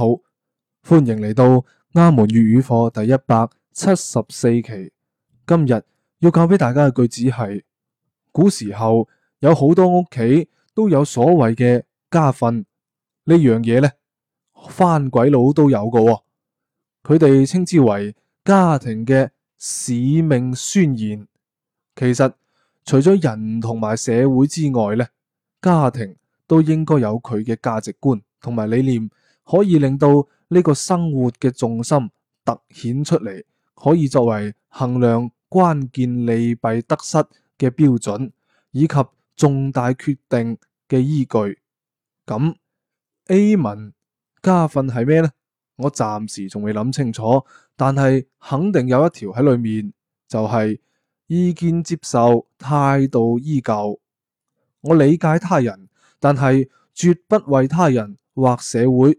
好歡迎嚟到阿門粵語課第一百七十四期。今日要教俾大家嘅句子係：古時候有好多屋企都有所謂嘅家訓，這呢樣嘢咧，番鬼佬都有個喎，佢哋稱之為家庭嘅使命宣言。其實除咗人同埋社會之外咧，家庭都應該有佢嘅價值觀同埋理念。可以令到呢個生活嘅重心凸顯出嚟，可以作為衡量關鍵利弊得失嘅標準，以及重大決定嘅依據。咁阿門家訓係咩呢？我暫時仲未諗清楚，但係肯定有一條喺裏面，就係、是、意見接受態度依舊，我理解他人，但係絕不為他人或社會。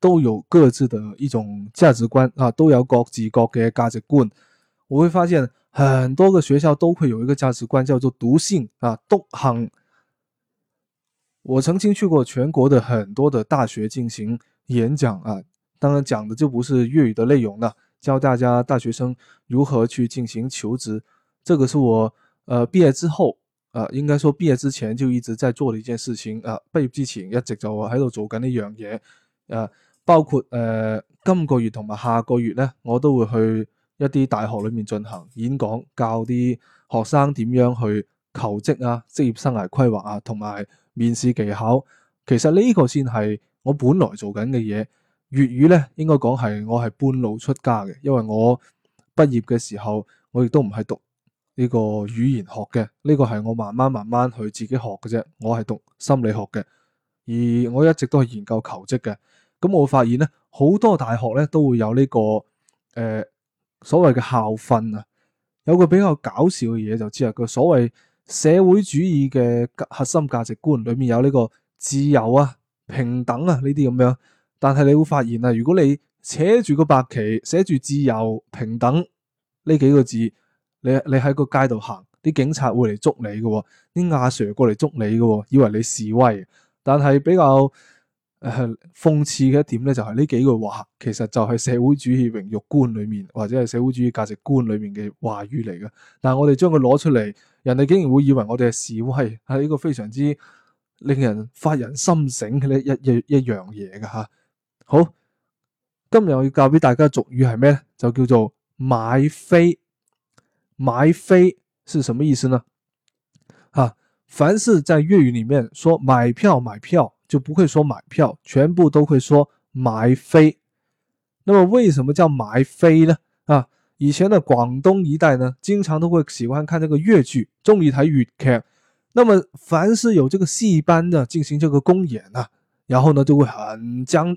都有各自的一種價值觀啊，都有各自各嘅價值觀。我會發現很多個學校都會有一個價值觀叫做篤信啊，篤行。我曾經去過全國的很多的大學進行演講啊，當然講的就不是粵語的內容了，啊，教大家大學生如何去進行求職。這個是我呃畢業之後啊，應該說畢業之前就一直在做的一件事情啊，畢業之前一直我喺度做緊呢樣嘢啊，包括誒、呃、今個月同埋下個月咧，我都會去一啲大學裏面進行演講，教啲學生點樣去求職啊、職業生涯規劃啊同埋面試技巧。其實呢個先係我本來做緊嘅嘢。粵語咧應該講係我係半路出家嘅，因為我畢業嘅時候我亦都唔係讀呢個語言學嘅，呢、呢個係我慢慢慢慢去自己學嘅啫。我係讀心理學嘅，而我一直都係研究求職嘅。咁我發現咧，好多大學咧都會有呢、這個誒、呃、所謂嘅校訓啊。有個比較搞笑嘅嘢就知、是、啦，個所謂社會主義嘅核心價值觀裡面有呢個自由啊、平等啊呢啲咁樣。但係你會發現啊，如果你扯住個白旗，寫住自由、平等呢幾個字，你你喺個街度行，啲警察會嚟捉你嘅、哦，啲亞 sir 過嚟捉你嘅、哦，以為你示威，但係比較。誒、呃，諷刺嘅一點咧，就係呢幾句話，其實就係社會主義榮辱觀裏面或者係社會主義價值觀裏面嘅話語嚟嘅。但係我哋將佢攞出嚟，人哋竟然會以為我哋係示威，係一個非常之令人發人心醒嘅一一一樣嘢嘅吓。好，今日我要教俾大家俗語係咩咧？就叫做買飛，買飛是什麼意思呢？啊，凡是在粵語裏面說買票，買票。就不會說買票，全部都會說買飛。那麼為什麼叫買飛呢？啊，以前的廣東一帶呢，經常都會喜歡看這個粵劇，鍾意睇粵劇。那麼凡是有這個戲班呢進行這個公演啊，然後呢就會很爭，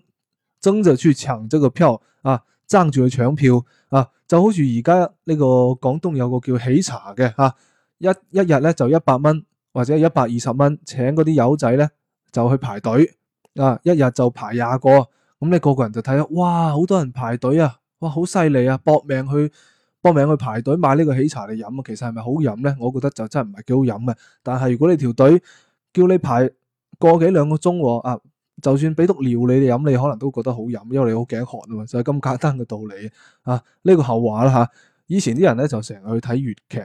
爭着去搶這個票啊，爭着去搶票啊。就好似而家呢個廣東有個叫喜茶嘅，哈、啊，一一日咧就一百蚊或者一百二十蚊，請嗰啲友仔呢就去排隊啊！一日就排廿個，咁你個個人就睇下，哇，好多人排隊啊！哇，好犀利啊！搏命去搏命去排隊買呢個喜茶嚟飲啊！其實係咪好飲咧？我覺得就真係唔係幾好飲嘅。但係如果你條隊叫你排個幾兩個鐘，啊，就算俾督尿你哋飲，你可能都覺得好飲，因為你好頸渴啊嘛。就係咁簡單嘅道理啊！呢個後話啦吓，以前啲人咧就成日去睇粵劇，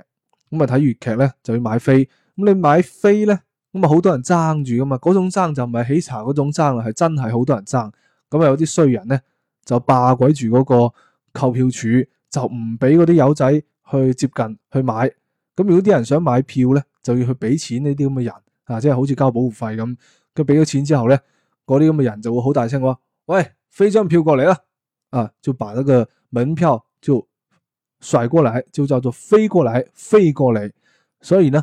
咁啊睇粵劇咧就要買飛，咁你買飛咧。咁啊，好多人爭住噶嘛，嗰種爭就唔係喜茶嗰種爭啦，係真係好多人爭。咁啊，有啲衰人咧就霸鬼住嗰個購票處，就唔俾嗰啲友仔去接近去買。咁如果啲人想買票咧，就要去俾錢呢啲咁嘅人啊，即係好似交保護費咁。佢俾咗錢之後咧，嗰啲咁嘅人就會好大聲話：「喂，飛張票過嚟啦！啊，就把那個門票就甩過嚟」，就叫做「飛過嚟」、「飛過嚟」。所以呢？